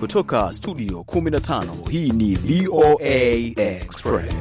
Kutoka studio 15 hii ni VOA Express.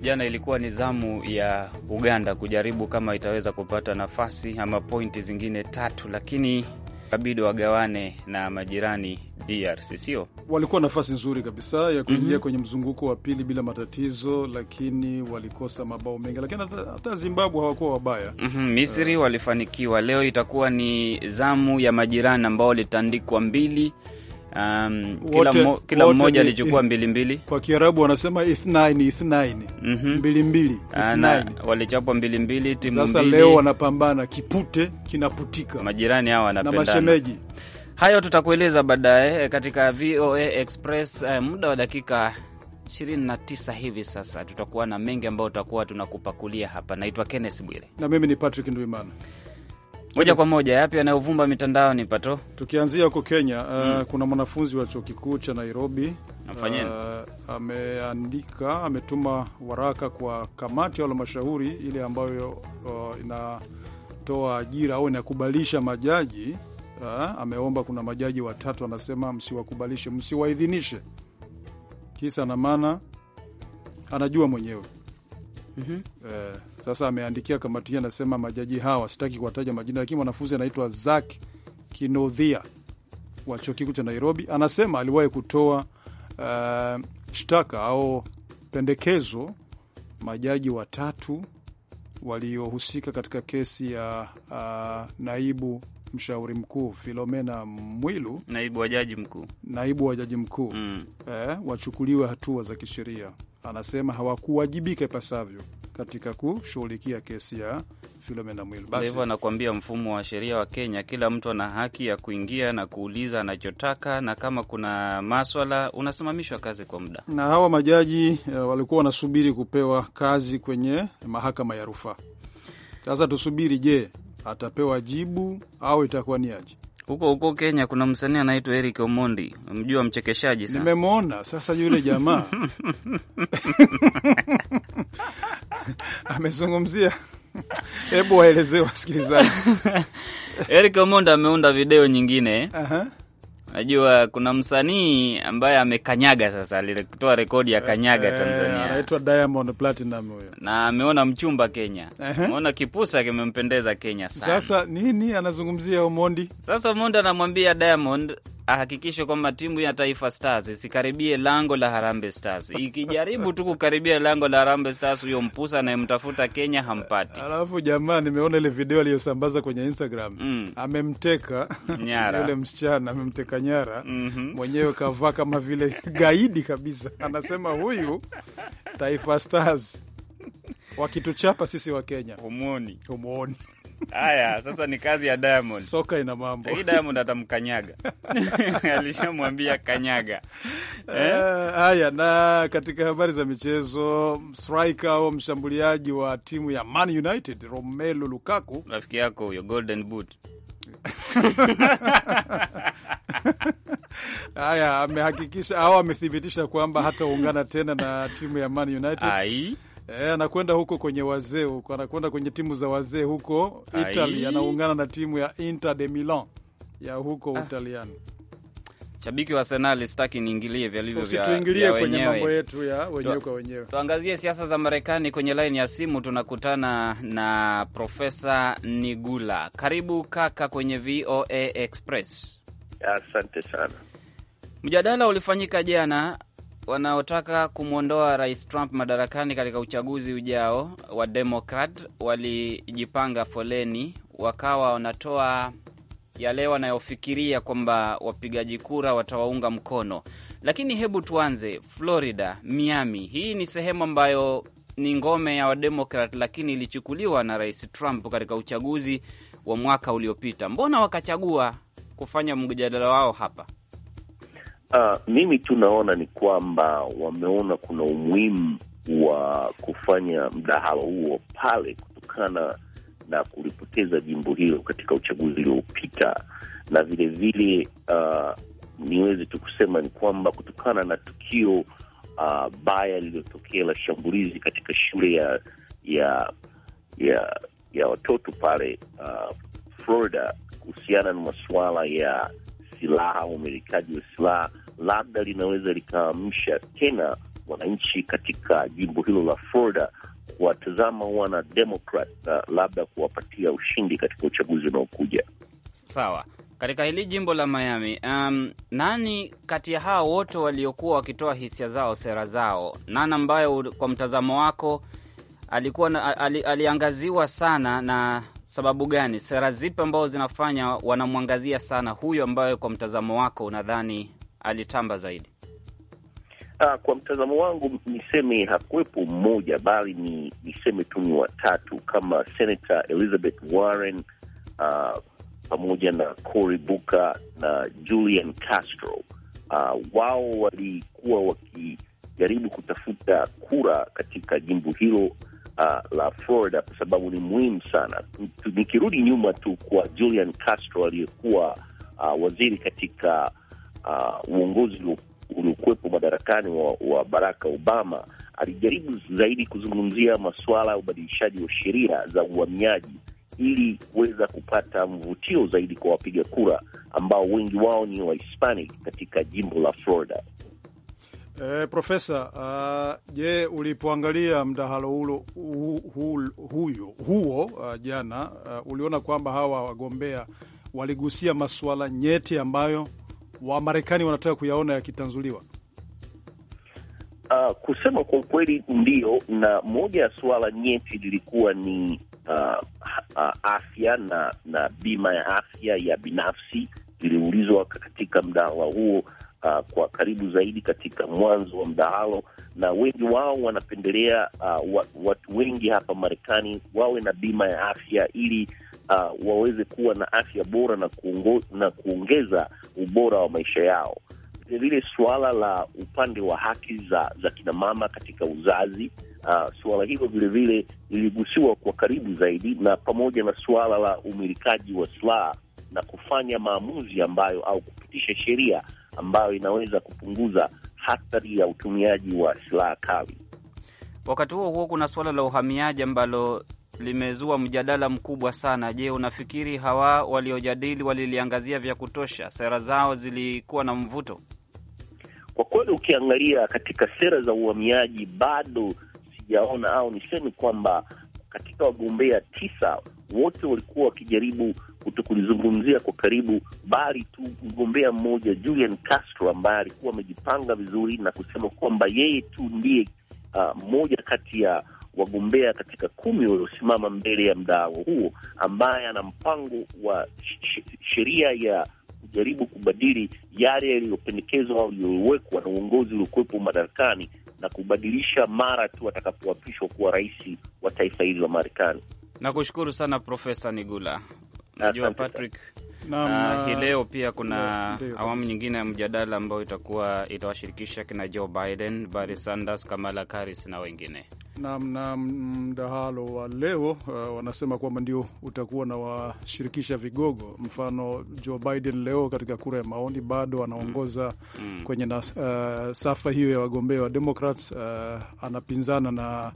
Jana ilikuwa ni zamu ya Uganda kujaribu kama itaweza kupata nafasi ama pointi zingine tatu, lakini kabidi wagawane na majirani DRC, sio? Walikuwa nafasi nzuri kabisa ya kuingia mm -hmm. kwenye mzunguko wa pili bila matatizo, lakini walikosa mabao mengi, lakini hata Zimbabwe hawakuwa wabaya mm -hmm. Misri uh, walifanikiwa. Leo itakuwa ni zamu ya majirani ambao walitandikwa mbili Um, kila, mo, kila mmoja alichukua mbili mbili. Kwa Kiarabu wanasema ithnaini ithnaini, mhm. mbili mbili ah, walichapwa mbili mbili timu mbili. Sasa leo wanapambana kipute kinaputika, majirani hawa wanapendana na mashemeji. Hayo tutakueleza baadaye eh, katika VOA Express eh, muda wa dakika 29 hivi sasa. Tutakuwa na mengi ambayo tutakuwa tunakupakulia hapa. Naitwa Kenneth Bwire na mimi ni Patrick Ndwimana moja kwa moja, yapi yanayovumba mitandao ni pato, tukianzia huko Kenya. Uh, mm. kuna mwanafunzi wa chuo kikuu cha Nairobi uh, ameandika, ametuma waraka kwa kamati ya halmashauri ile ambayo uh, inatoa ajira au inakubalisha majaji uh, ameomba, kuna majaji watatu, anasema msiwakubalishe, msiwaidhinishe, kisa na maana anajua mwenyewe mm -hmm. Eh, sasa ameandikia kamati hii, anasema majaji hawa, sitaki kuwataja majina, lakini mwanafunzi anaitwa Zak Kinodhia wa chuo kikuu cha Nairobi anasema aliwahi kutoa eh, shtaka au pendekezo majaji watatu waliohusika katika kesi ya uh, naibu mshauri mkuu Filomena Mwilu, naibu wa jaji mkuu, naibu wa jaji mkuu mm. eh, wachukuliwe hatua za kisheria anasema hawakuwajibika ipasavyo katika kushughulikia kesi ya Filomena Mwilu. Basi hivyo anakuambia mfumo wa sheria wa Kenya, kila mtu ana haki ya kuingia na kuuliza anachotaka, na kama kuna maswala unasimamishwa kazi kwa muda. Na hawa majaji eh, walikuwa wanasubiri kupewa kazi kwenye mahakama ya rufaa. Sasa tusubiri, je, atapewa jibu au itakuwa ni aje? huko huko Kenya kuna msanii anaitwa Eric Omondi, mjua mchekeshaji sana. Nimemwona sasa yule jamaa amezungumzia hebu waelezee wasikilizaji. Eric Omondi ameunda video nyingine uh -huh. Najua kuna msanii ambaye amekanyaga sasa, alitoa rekodi ya kanyaga e, Tanzania, anaitwa Diamond Platinum huyo, na ameona mchumba Kenya, ameona kipusa kimempendeza Kenya sana. Sasa nini anazungumzia Omondi? Sasa Omondi anamwambia Diamond ahakikishe kwamba timu ya Taifa Stars isikaribie lango la Harambee Stars. Ikijaribu tu kukaribia lango la Harambee Stars, huyo mpusa anayemtafuta Kenya hampati. Alafu jamaa, nimeona ile video aliyosambaza kwenye Instagram mm. amemteka nyara yule msichana amemteka nyara mm -hmm. mwenyewe kavaa kama vile gaidi kabisa, anasema huyu Taifa Stars wakituchapa sisi wa Kenya humwoni humwoni Haya, sasa ni kazi ya Diamond. Soka ina mambo hii. Diamond atamkanyaga alishamwambia kanyaga. Eh, eh? Haya, eh? Na katika habari za michezo, striker au mshambuliaji wa timu ya Man United Romelu Lukaku, rafiki yako huyo, golden boot Haya, amehakikisha au amethibitisha kwamba hataungana tena na timu ya Man United. Ai. E, anakwenda huko kwenye wazee huko, anakwenda kwenye timu za wazee huko Itali, anaungana na timu ya Inter de Milan ya huko ah, Utaliani. Shabiki wa Arsenal, sitaki niingilie vyalivyo vya tuingilie kwenye mambo yetu ya wenyewe kwa wenyewe. Tuangazie siasa za Marekani. Kwenye laini ya simu tunakutana na Profesa Nigula. Karibu kaka kwenye VOA Express. Asante sana. Mjadala ulifanyika jana wanaotaka kumwondoa rais Trump madarakani katika uchaguzi ujao wa Demokrat walijipanga foleni, wakawa wanatoa yale wanayofikiria kwamba wapigaji kura watawaunga mkono. Lakini hebu tuanze Florida, Miami. Hii ni sehemu ambayo ni ngome ya Wademokrat, lakini ilichukuliwa na rais Trump katika uchaguzi wa mwaka uliopita. Mbona wakachagua kufanya mjadala wao hapa? Uh, mimi tu naona ni kwamba wameona kuna umuhimu wa kufanya mdahalo huo pale kutokana na kulipoteza jimbo hilo katika uchaguzi uliopita, na vilevile uh, ah, niweze tu kusema ni kwamba kutokana na tukio uh, baya lililotokea la shambulizi katika shule ya ya ya, ya watoto pale uh, Florida kuhusiana na masuala ya silaha, umilikaji wa silaha labda linaweza likaamsha tena wananchi katika jimbo hilo la Florida kuwatazama wana Democrat na labda kuwapatia ushindi katika uchaguzi unaokuja. Sawa, katika hili jimbo la Miami, um, nani kati ya hao wote waliokuwa wakitoa hisia zao, sera zao, nani ambayo kwa mtazamo wako alikuwa na, ali, aliangaziwa sana na sababu gani? Sera zipi ambazo zinafanya wanamwangazia sana huyo ambayo kwa mtazamo wako unadhani alitamba zaidi? Aa, ah, kwa mtazamo wangu niseme hakuwepo mmoja, bali ni niseme tu ni watatu kama Senator Elizabeth Warren uh, pamoja na Cory Booker na Julian Castro. Uh, wao walikuwa wakijaribu kutafuta kura katika jimbo hilo uh, la Florida kwa sababu ni muhimu sana. Nikirudi nyuma tu kwa Julian Castro aliyekuwa uh, waziri katika uh, uongozi uliokuwepo madarakani wa, wa Barack Obama alijaribu zaidi kuzungumzia masuala ya ubadilishaji wa sheria za uhamiaji ili kuweza kupata mvutio zaidi kwa wapiga kura ambao wengi wao ni Wahispanic katika jimbo la Florida. E, Profesa, uh, je, ulipoangalia mdahalo hulo, hu, hu, huyo, huo uh, jana uh, uliona kwamba hawa wagombea waligusia masuala nyeti ambayo Wamarekani wanataka kuyaona yakitanzuliwa? Uh, kusema kwa ukweli ndio, na moja ya suala nyeti lilikuwa ni uh, uh, afya na na bima ya afya ya binafsi iliulizwa katika mdahalo huo uh, kwa karibu zaidi katika mwanzo wa mdahalo, na wengi wao wanapendelea uh, watu wengi hapa Marekani wawe na bima ya afya ili uh, waweze kuwa na afya bora na, kuongo, na kuongeza ubora wa maisha yao. Vilevile suala la upande wa haki za, za kinamama katika uzazi uh, suala hilo vilevile liligusiwa kwa karibu zaidi, na pamoja na suala la umilikaji wa silaha na kufanya maamuzi ambayo au kupitisha sheria ambayo inaweza kupunguza hatari ya utumiaji wa silaha kali. Wakati huo huo, kuna suala la uhamiaji ambalo limezua mjadala mkubwa sana. Je, unafikiri hawa waliojadili waliliangazia vya kutosha? Sera zao zilikuwa na mvuto? Kwa kweli, ukiangalia katika sera za uhamiaji bado sijaona au niseme kwamba katika wagombea tisa wote walikuwa wakijaribu kuto kulizungumzia kwa karibu, bali tu mgombea mmoja Julian Castro ambaye alikuwa amejipanga vizuri na kusema kwamba yeye tu ndiye uh, mmoja uh, kati ya wagombea katika kumi waliosimama mbele ya mdao huo, ambaye ana mpango wa sheria ya kujaribu kubadili yale yaliyopendekezwa au yaliyowekwa na uongozi uliokuwepo madarakani na kubadilisha mara tu atakapoapishwa kuwa rais wa taifa hili la Marekani. Nakushukuru sana Profesa Nigula. Najua Patrick sana. Ah, na hii leo pia kuna awamu nyingine ya mjadala ambayo itakuwa itawashirikisha kina Joe Biden, Barry Sanders, Kamala Harris na wengine nam na mdahalo wa leo uh, wanasema kwamba ndio utakuwa na washirikisha vigogo. Mfano, Joe Biden leo katika kura ya maoni bado anaongoza mm. mm. kwenye na, uh, safa hiyo ya wagombea wa Democrats uh, anapinzana na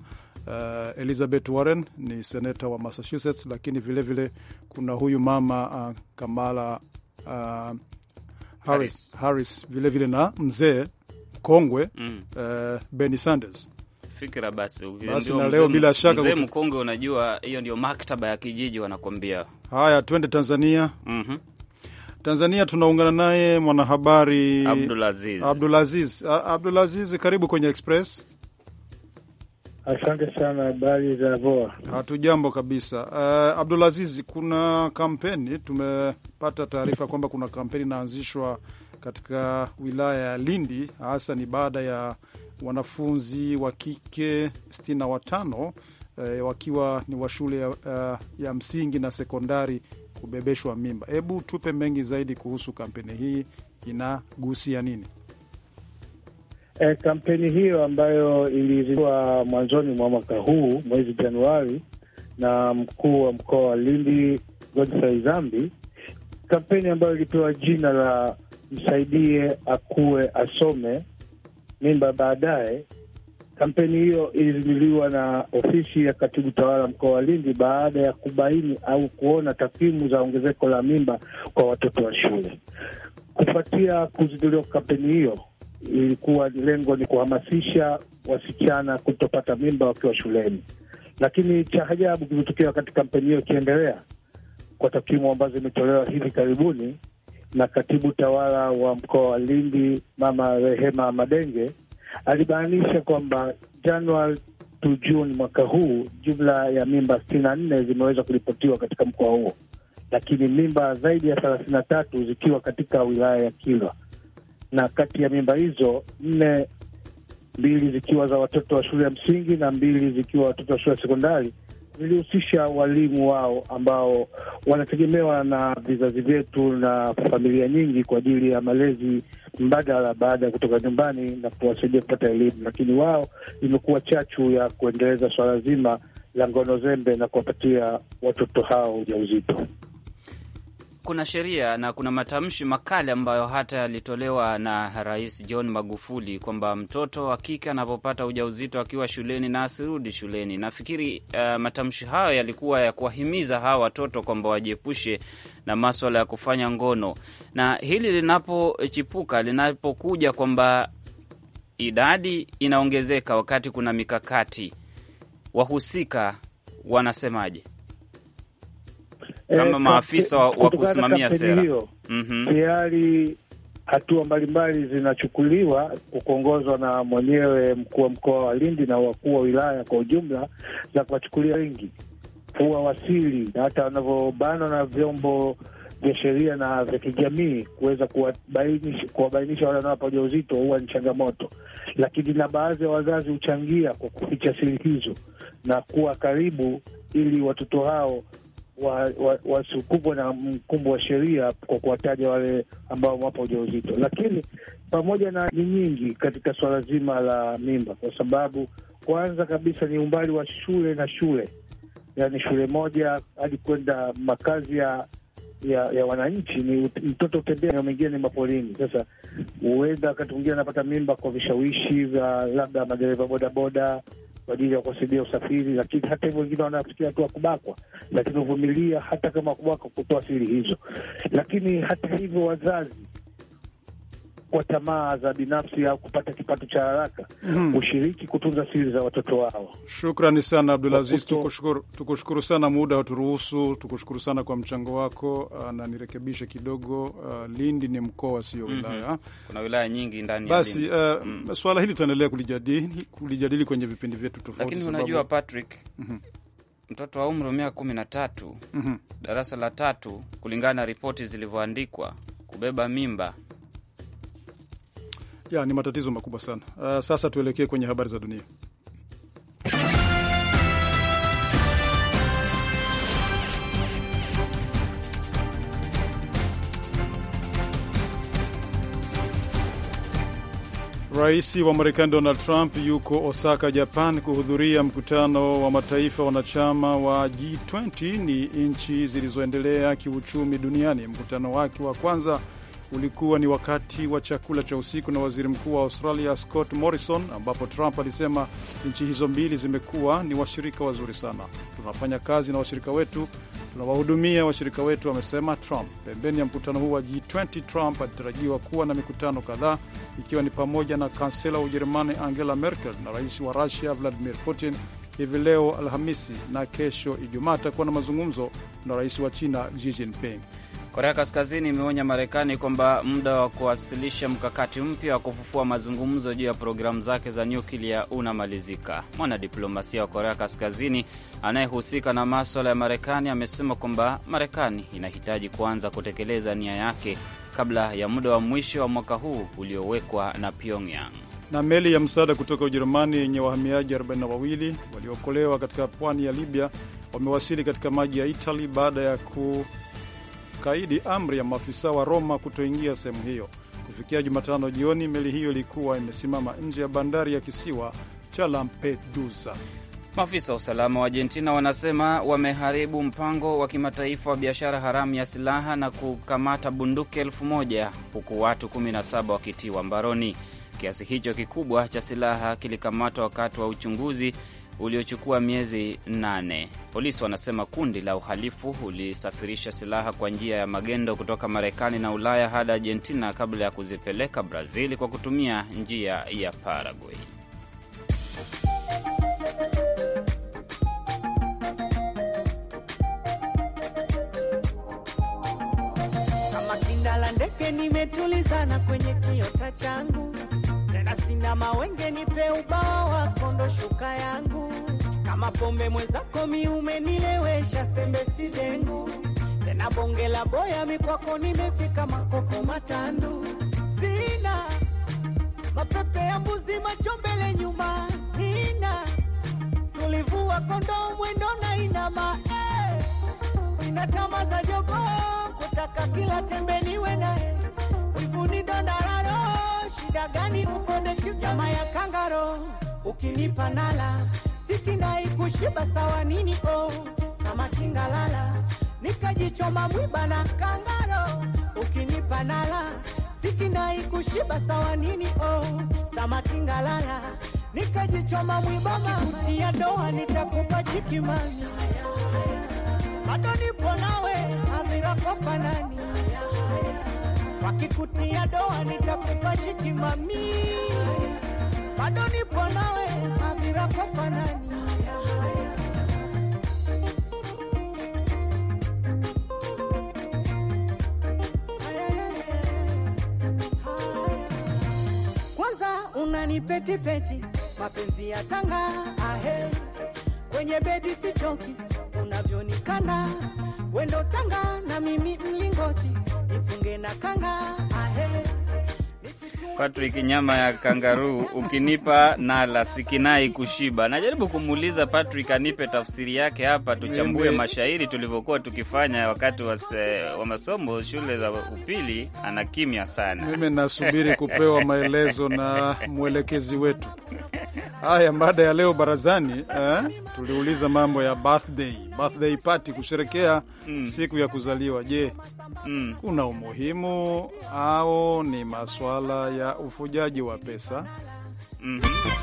uh, Elizabeth Warren ni seneta wa Massachusetts, lakini vilevile vile kuna huyu mama uh, Kamala uh, Harris, Harris, Harris vilevile vile na mzee kongwe mm. uh, Bernie Sanders Fikira basi, basi na leo bila shaka mzee mkongwe, unajua hiyo ndio maktaba ya kijiji wanakwambia. Haya, twende Tanzania. mm -hmm. Tanzania tunaungana naye mwanahabari Abdulaziz. Abdulaziz, karibu kwenye Express. Asante sana. Habari za VOA? Hatujambo kabisa. Uh, eh, Abdulazizi, kuna kampeni, tumepata taarifa kwamba kuna kampeni inaanzishwa katika wilaya ya Lindi, hasa ni baada ya wanafunzi wa kike sitini na watano uh, wakiwa ni wa shule uh, ya msingi na sekondari kubebeshwa mimba. Hebu tupe mengi zaidi kuhusu kampeni hii, inagusia nini? E, kampeni hiyo ambayo ilizindua mwanzoni mwa mwaka huu mwezi Januari na mkuu wa mkoa wa Lindi Godfrey Zambi, kampeni ambayo ilipewa jina la msaidie akue asome mimba baadaye. Kampeni hiyo ilizinduliwa na ofisi ya katibu tawala mkoa wa Lindi baada ya kubaini au kuona takwimu za ongezeko la mimba kwa watoto wa shule. Kufuatia kuzinduliwa kampeni hiyo ilikuwa lengo ni kuhamasisha wasichana kutopata mimba wakiwa shuleni, lakini cha ajabu kilitokea wakati kampeni hiyo ikiendelea, kwa takwimu ambazo imetolewa hivi karibuni na katibu tawala wa mkoa wa Lindi, Mama Rehema Madenge, alibainisha kwamba Januari to Juni mwaka huu jumla ya mimba sitini na nne zimeweza kuripotiwa katika mkoa huo, lakini mimba zaidi ya thelathini na tatu zikiwa katika wilaya ya Kilwa na kati ya mimba hizo nne, mbili zikiwa za watoto wa shule ya msingi na mbili zikiwa watoto wa shule ya sekondari, zilihusisha walimu wao ambao wanategemewa na vizazi vyetu na familia nyingi kwa ajili ya malezi mbadala baada ya kutoka nyumbani na kuwasaidia kupata elimu, lakini wao imekuwa chachu ya kuendeleza swala zima la ngono zembe na kuwapatia watoto hao ujauzito kuna sheria na kuna matamshi makali ambayo hata yalitolewa na Rais John Magufuli kwamba mtoto wa kike anapopata ujauzito akiwa shuleni na asirudi shuleni. Nafikiri uh, matamshi hayo yalikuwa ya kuwahimiza hawa watoto kwamba wajiepushe na maswala ya kufanya ngono, na hili linapochipuka, linapokuja kwamba idadi inaongezeka wakati kuna mikakati, wahusika wanasemaje? Eh, kama maafisa wa kusimamia sera hiyo. mm -hmm. Tayari hatua mbalimbali zinachukuliwa kuongozwa na mwenyewe mkuu wa mkoa wa Lindi na wakuu wa wilaya kwa ujumla za kuwachukulia wengi wasili na hata wanavyobanwa na vyombo vya sheria na vya kijamii kuweza kuwabainisha wale wanaopa ujauzito huwa ni changamoto, lakini na baadhi ya wazazi huchangia kwa kuficha siri hizo na kuwa karibu, ili watoto hao wasikumbwe wa, wa na mkumbo wa sheria kwa kuwataja wale ambao wapo ujauzito. Lakini pamoja na ni nyingi katika swala zima la mimba, kwa sababu kwanza kabisa ni umbali wa shule na shule, yaani shule moja hadi kwenda makazi ya ya, ya wananchi ni mtoto utembea, eneo mengine ni mapolini. Sasa huenda wakati mwingine anapata mimba kwa vishawishi vya labda madereva bodaboda kwa ajili ya kuwasaidia usafiri, lakini hata hivyo wengine wanafikia hatua kubakwa, lakini huvumilia hata kama kubakwa, kutoa siri hizo. Lakini hata hivyo wazazi kwa tamaa za binafsi au kupata kipato cha haraka mm ushiriki kutunza siri za watoto wao. Shukrani sana Abdulaziz, tukushukuru, tukushukuru sana, muda waturuhusu, tukushukuru sana kwa mchango wako ah, na nirekebishe kidogo, uh, Lindi ni mkoa sio mhm. wilaya mm -hmm. kuna wilaya nyingi ndani basi. Uh, mm Swala hili tutaendelea kulijadili, kulijadili kwenye vipindi vyetu tofauti, lakini unajua Patrick mm -hmm mtoto wa umri wa miaka kumi na tatu mm -hmm. darasa la tatu, kulingana na ripoti zilivyoandikwa, kubeba mimba ya, ni matatizo makubwa sana. Uh, sasa tuelekee kwenye habari za dunia. Rais wa Marekani Donald Trump yuko Osaka, Japan, kuhudhuria mkutano wa mataifa wanachama wa G20 ni nchi zilizoendelea kiuchumi duniani. Mkutano wake wa kwanza ulikuwa ni wakati wa chakula cha usiku na waziri mkuu wa Australia Scott Morrison, ambapo Trump alisema nchi hizo mbili zimekuwa ni washirika wazuri sana. Tunafanya kazi na washirika wetu, tunawahudumia washirika wetu, amesema Trump. Pembeni ya mkutano huu wa G20, Trump alitarajiwa kuwa na mikutano kadhaa, ikiwa ni pamoja na kansela wa Ujerumani Angela Merkel na rais wa Rusia Vladimir Putin hivi leo Alhamisi, na kesho Ijumaa atakuwa na mazungumzo na rais wa China Xi Jinping. Korea Kaskazini imeonya Marekani kwamba muda wa kuwasilisha mkakati mpya wa kufufua mazungumzo juu ya programu zake za nyuklia unamalizika. Mwanadiplomasia wa Korea Kaskazini anayehusika na maswala ya Marekani amesema kwamba Marekani inahitaji kuanza kutekeleza nia yake kabla ya muda wa mwisho wa mwaka huu uliowekwa na Pyongyang. Na meli ya msaada kutoka Ujerumani yenye wahamiaji 42 waliokolewa katika pwani ya Libya wamewasili katika maji ya Itali baada ya ku kukaidi amri ya maafisa wa Roma kutoingia sehemu hiyo. Kufikia Jumatano jioni, meli hiyo ilikuwa imesimama nje ya bandari ya kisiwa cha Lampedusa. Maafisa wa usalama wa Argentina wanasema wameharibu mpango wa kimataifa wa biashara haramu ya silaha na kukamata bunduki elfu moja huku watu 17 wakitiwa mbaroni. Kiasi hicho kikubwa cha silaha kilikamatwa wakati wa uchunguzi uliochukua miezi nane. Polisi wanasema kundi la uhalifu ulisafirisha silaha kwa njia ya magendo kutoka Marekani na Ulaya hadi Argentina kabla ya kuzipeleka Brazil kwa kutumia njia ya Paraguay. Kama la ndege nimetulizana kwenye kiota changu na sina mawenge, nipe ubao wa kondo shuka yangu kama pombe mwenzako miume nilewesha sembe sidengu tena bonge la boya mikwako nimefika makoko matandu sina mapepe ya mbuzi macho mbele nyuma nina tulivua kondo mwendo na inama eh. sina tama za jogo kutaka kila tembe niwe naye eh. ni dondara Shida gani ukonde kisama ya kangaro, ukinipa nala sikindai kushiba sawa nini? Oh, samaki ngalala nikajichoma mwiba na kangaro, ukinipa nala sikindai kushiba sawa nini? Oh, samaki ngalala nikajichoma mwiba, kutia doa nitakupa chikimani, bado nipo nawe kwa fanani wakikutia doa nitakupa shiki mami, bado nipo nawe avira kwa fanani Unanipetipeti mapenzi ya tanga ahe, kwenye bedi sichoki, unavyonikana wendo tanga na mimi mlingoti Patrick, nyama ya kangaruu ukinipa nala sikinai kushiba. Najaribu kumuuliza Patrick anipe tafsiri yake hapa, tuchambue mashairi tulivyokuwa tukifanya wakati wase, wa masomo shule za upili. Ana kimya sana. Mimi nasubiri kupewa maelezo na mwelekezi wetu. Haya, baada ya leo barazani eh, tuliuliza mambo ya birthday birthday party kusherekea mm. siku ya kuzaliwa. Je, mm. kuna umuhimu au ni maswala ya ufujaji wa pesa? mm -hmm.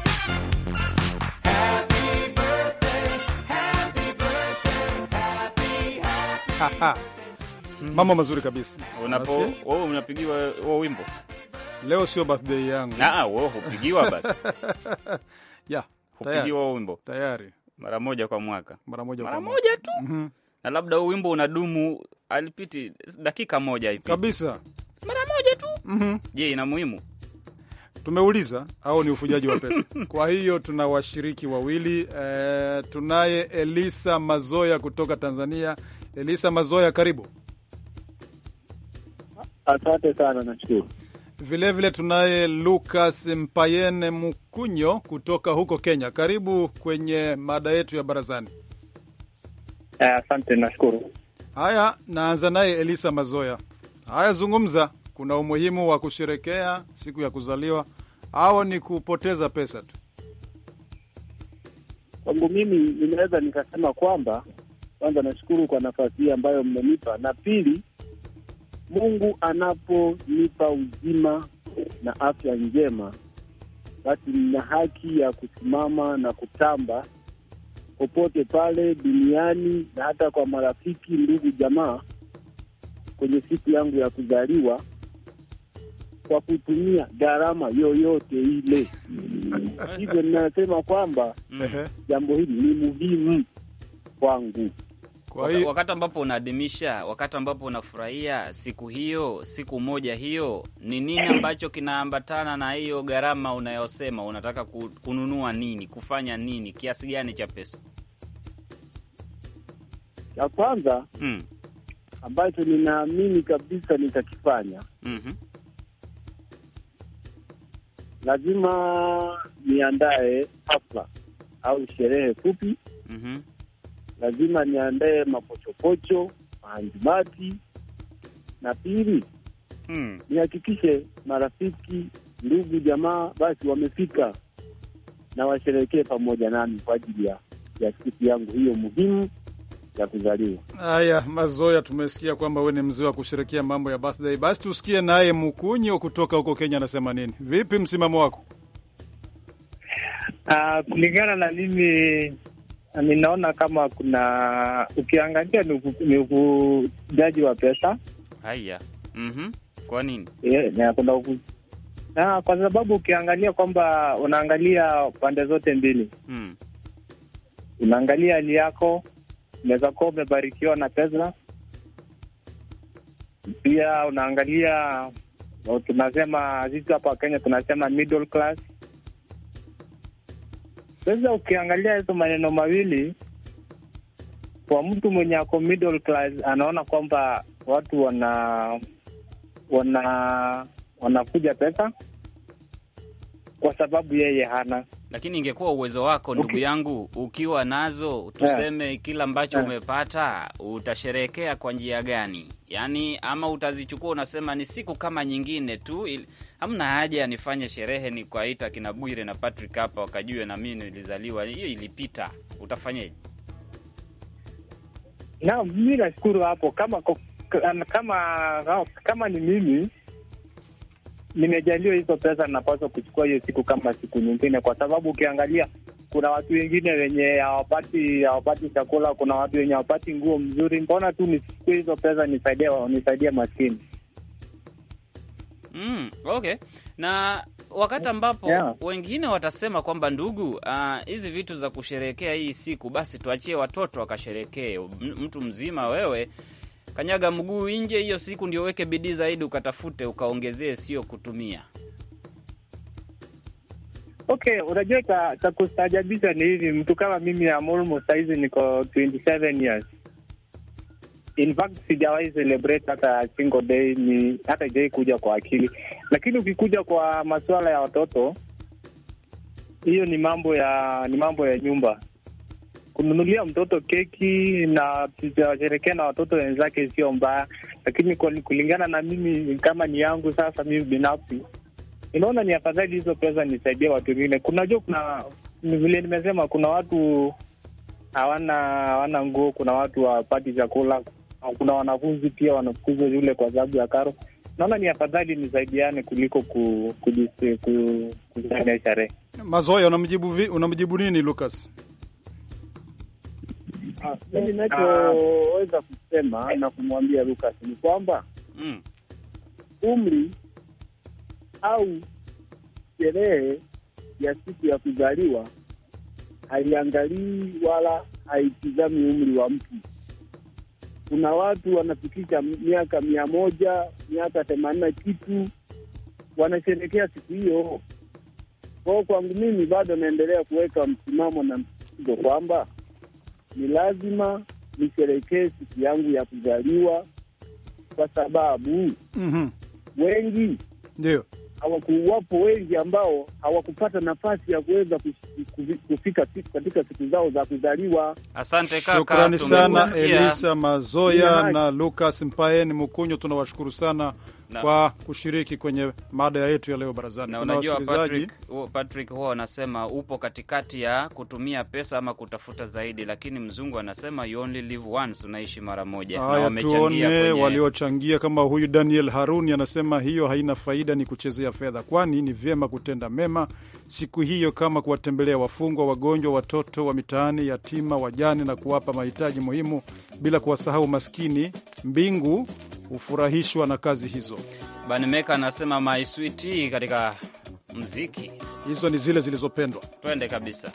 Mambo mazuri kabisa. Unapo wewe unapigiwa wewe wimbo. Leo sio birthday yangu. Ah, ah wewe hupigiwa basi. Ya, upigiwa wimbo. Tayari mara moja kwa mwaka, mara moja mara moja tu mm -hmm. na labda huu wimbo unadumu alipiti dakika moja hivi kabisa, mara moja tu mm -hmm. Je, ina muhimu? Tumeuliza au ni ufujaji wa pesa? Kwa hiyo tuna washiriki wawili e, tunaye Elisa Mazoya kutoka Tanzania. Elisa Mazoya, karibu. Asante sana, nashukuru. Vilevile vile tunaye Lucas Mpayene Mukunyo kutoka huko Kenya. Karibu kwenye mada yetu ya barazani. Asante uh, nashukuru. Haya, naanza naye Elisa Mazoya. Haya, zungumza, kuna umuhimu wa kusherekea siku ya kuzaliwa au ni kupoteza pesa tu? Kwangu mimi ninaweza nikasema kwamba kwanza nashukuru kwa nafasi hii ambayo mmenipa, na pili Mungu anaponipa uzima na afya njema, basi nina haki ya kusimama na kutamba popote pale duniani na hata kwa marafiki, ndugu, jamaa kwenye siku yangu ya kuzaliwa kwa kutumia gharama yoyote ile. Hivyo ninasema kwamba mhm. jambo hili ni muhimu kwangu. Kwa wakati ambapo unaadhimisha, wakati ambapo unafurahia siku hiyo, siku moja hiyo, ni nini ambacho kinaambatana na hiyo gharama unayosema? Unataka kununua nini, kufanya nini, kiasi gani cha pesa? Cha kwanza hmm, ambacho ninaamini kabisa nitakifanya mm -hmm. lazima niandae hafla au sherehe fupi mm -hmm lazima niandae mapochopocho, maanjumati na pili hmm, nihakikishe marafiki, ndugu, jamaa basi wamefika na washerekee pamoja nami kwa ajili ya ya siku yangu hiyo muhimu ya kuzaliwa. Haya, Mazoya, tumesikia kwamba we ni mzee wa kusherekea mambo ya birthday. Basi tusikie naye Mkunyo kutoka huko Kenya, anasema nini? Vipi msimamo wako? Ah, kulingana na mimi ninaona kama kuna ukiangalia ni uvujaji wa pesa. Haya, mm -hmm. Kwa nini? Yeah, kuna uvu... na, kwa sababu ukiangalia kwamba unaangalia pande zote mbili hmm. Unaangalia hali yako, unaweza kuwa umebarikiwa na pesa, pia unaangalia tunasema sisi hapa Kenya tunasema middle class sasa ukiangalia hizo maneno mawili kwa mtu mwenye ako middle class, anaona kwamba watu wana wana wanakuja pesa kwa sababu yeye hana lakini ingekuwa uwezo wako ndugu okay, yangu ukiwa nazo tuseme, yeah, kila ambacho yeah, umepata utasherehekea kwa njia gani? Yaani ama utazichukua unasema ni siku kama nyingine tu, hamna haja nifanye sherehe, ni kwaita kina Bwire na Patrick hapa wakajue na mii nilizaliwa, hiyo ilipita. Utafanyeje? Naam, mi nashukuru hapo kama kama kama, kama ni mimi nimejaliwa hizo pesa, napaswa kuchukua hiyo siku kama siku nyingine, kwa sababu ukiangalia kuna watu wengine wenye hawapati hawapati chakula, kuna watu wenye hawapati nguo mzuri. Mbona tu nichukue hizo pesa nisaidie nisaidie maskini? Mm, okay. Na wakati ambapo yeah, wengine watasema kwamba ndugu, ah, hizi uh, vitu za kusherehekea hii siku basi tuachie watoto wakasherekee mtu mzima wewe Kanyaga mguu nje, hiyo siku ndio weke bidii zaidi, ukatafute ukaongezee, sio kutumia. Okay, unajua cha, cha kustajabisha ni hivi, mtu kama mimi amolmo sahizi niko 27 years in fact sijawahi celebrate hata single day, ni hata ijawai kuja kwa akili. Lakini ukikuja kwa masuala ya watoto, hiyo ni mambo ya ni mambo ya nyumba kununulia mtoto keki na tutasherekea na watoto wenzake sio mbaya, lakini kulingana na mimi kama ni yangu sasa, mimi binafsi inaona ni afadhali hizo pesa nisaidie watu wengine. Kunajua kuna vile nimesema, kuna watu hawana hawana nguo, kuna watu hawapati chakula, kuna wanafunzi pia wanafukuzwa shule kwa sababu ya karo. Naona ni afadhali nisaidiane kuliko kufanya sherehe. Mazoya, unamjibu vi, unamjibu nini Lucas? Mimi nachoweza kusema eh. na kumwambia Lucas ni kwamba mm. umri au sherehe ya siku ya kuzaliwa haiangalii wala haitizami umri wa mtu. Kuna watu wanafikisha miaka mia moja, miaka themanini kitu, wanasherekea siku hiyo kwao. Kwangu mimi bado naendelea kuweka msimamo na msisitizo kwamba ni lazima nisherekee siku yangu ya kuzaliwa kwa sababu mm -hmm. wengi ndio hawakuwapo wengi ambao hawakupata nafasi ya kuweza kufika katika siku zao za kuzaliwa. Asante kaka, shukrani sana Elisa Mazoya na Lucas mpaeni Mukunyo, tunawashukuru sana kwa kushiriki kwenye mada yetu ya leo barazani. Na unajua Patrick, Patrick huwa wanasema upo katikati ya kutumia pesa ama kutafuta zaidi, lakini mzungu anasema you only live once, unaishi mara moja. Haya, tuone waliochangia kama huyu Daniel Haruni anasema hiyo haina faida, ni kuchezea fedha, kwani ni vyema kutenda mema siku hiyo kama kuwatembelea wafungwa, wagonjwa, watoto wa mitaani, yatima, wajane na kuwapa mahitaji muhimu bila kuwasahau maskini. Mbingu hufurahishwa na kazi hizo. Banimeka anasema my sweetie katika mziki. Hizo ni zile zilizopendwa. Twende kabisa.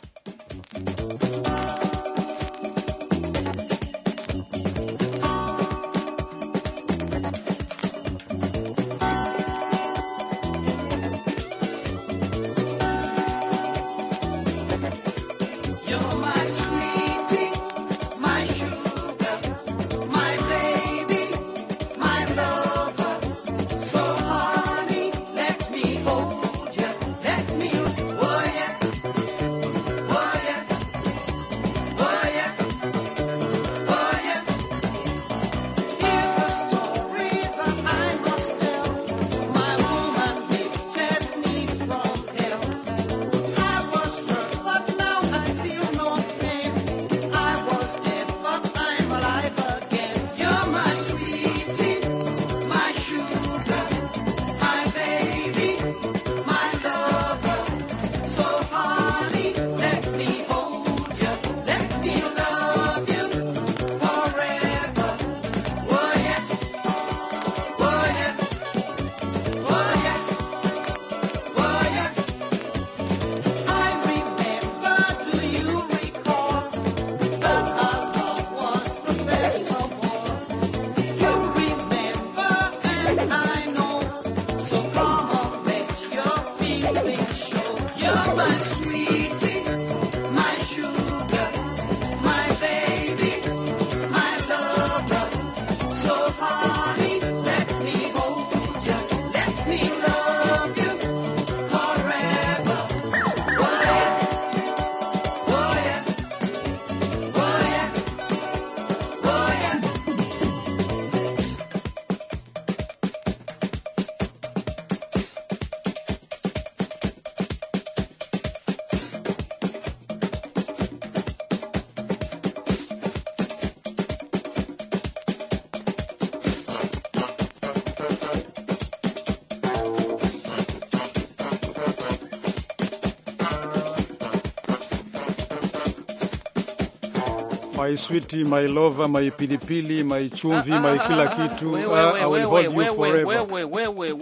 my my my sweet love pilipili my chumvi my ah, ah, ah, kila kitu.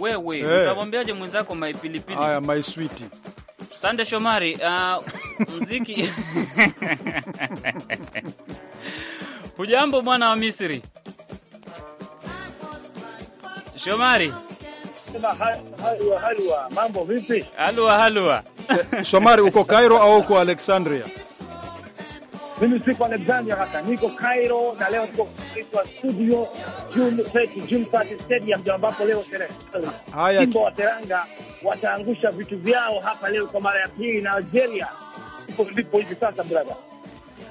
Wewe utamwambiaje mwenzako my pilipili Haya, my sweet Sande Shomari, uh, mziki hujambo mwana wa Misri Shomari halua halua mambo vipi halua halua. Eh, Shomari, uko Cairo au uko Alexandria? Mimi siko Alexandria hata niko Cairo, na leo niko kuitwa studio June Party Stadium, ndio ambapo leo Simba wa Teranga wataangusha vitu vyao hapa leo kwa mara ya pili na Algeria, ndipo hivi sasa brada.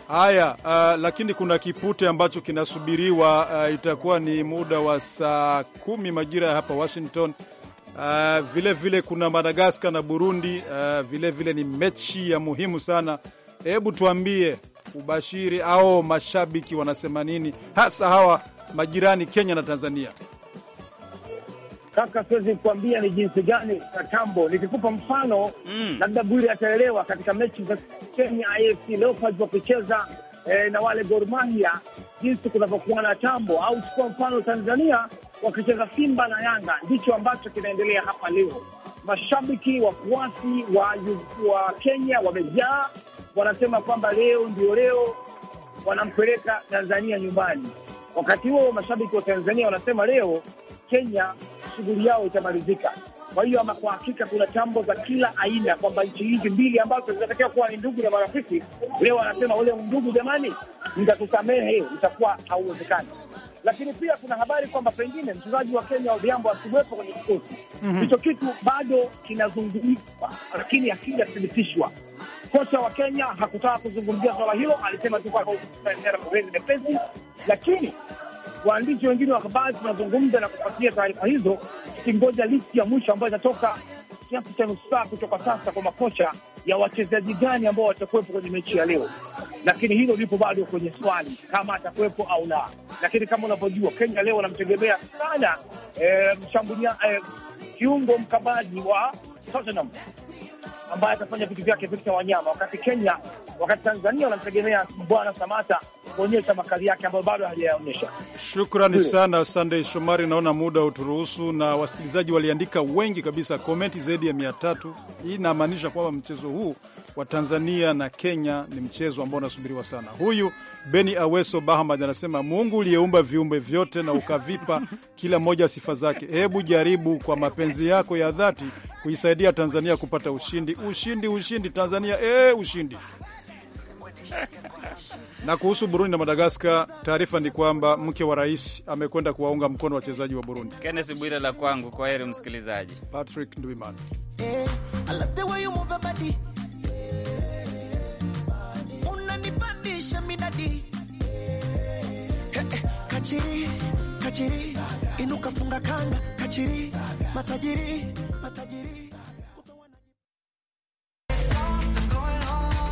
Haya, uh, lakini kuna kipute ambacho kinasubiriwa uh, itakuwa ni muda wa saa kumi majira ya hapa Washington. Uh, vile vile kuna Madagaskar na Burundi. Uh, vile vile ni mechi ya muhimu sana. Hebu tuambie ubashiri au mashabiki wanasema nini hasa hawa majirani Kenya na Tanzania? Kaka, siwezi kuambia ni jinsi gani Katambo. Nikikupa mfano mm, labda bwiri ataelewa. Katika mechi za Kenya AFC Leopards wakicheza eh, na wale Gor Mahia, jinsi kunavyokuwa na tambo, au chukua mfano Tanzania wakicheza Simba na Yanga. Ndicho ambacho kinaendelea hapa leo. Mashabiki wafuasi wa, wa Kenya wamejaa wanasema kwamba leo ndio leo wanampeleka Tanzania nyumbani. Wakati huo mashabiki wa Tanzania wanasema leo Kenya shughuli yao itamalizika. Kwa hiyo ama kwa hakika, kuna tambo za kila aina kwamba nchi hizi mbili ambazo zinatakiwa kuwa ni ndugu na marafiki, leo wanasema ule ndugu, jamani, mtatusamehe, itakuwa hauwezekani. Lakini pia kuna habari kwamba pengine mchezaji wa Kenya Odhiambo asiwepo kwenye kikosi mhm. hicho. mm -hmm. Kitu bado kinazungumzwa, lakini akija thibitishwa Kocha wa Kenya hakutaka kuzungumzia swala hilo, alisema tu kwamba mepesi, lakini waandishi wengine wa habari tunazungumza na kupatia taarifa hizo, tukingoja listi ya mwisho ambayo itatoka kiasi cha nusu saa kutoka sasa kwa makocha ya wachezaji gani ambao watakuwepo kwenye mechi ya leo. Lakini hilo lipo bado kwenye swali kama atakuwepo au la. Lakini kama unavyojua, Kenya leo wanamtegemea sana eh, mshambulia eh, kiungo mkabaji wa Tottenham ambaye atafanya vitu vyake vitu vya wanyama, wakati Kenya, wakati Tanzania wanamtegemea Bwana Samata kuonyesha makazi yake ambayo bado hajayaonyesha. Shukrani sana Sunday Shomari, naona muda uturuhusu, na wasikilizaji waliandika wengi kabisa, komenti zaidi ya mia tatu. Hii inamaanisha kwamba mchezo huu wa Tanzania na Kenya ni mchezo ambao unasubiriwa sana. Huyu Beni Aweso Bahamad anasema Mungu uliyeumba viumbe vyote na ukavipa kila mmoja sifa zake, hebu jaribu kwa mapenzi yako ya dhati kuisaidia Tanzania kupata kupata ushindi, ushindi, ushindi Tanzania, ee, ushindi na kuhusu Burundi na Madagaskar, taarifa ni kwamba mke wa rais amekwenda kuwaunga mkono wachezaji wa Burundi. Kenneth Bwire la kwangu, kwa heri msikilizaji. Patrick Ndwimana. Eh, eh, kachiri, kachiri, inuka funga kanga, kachiri, matajiri, matajiri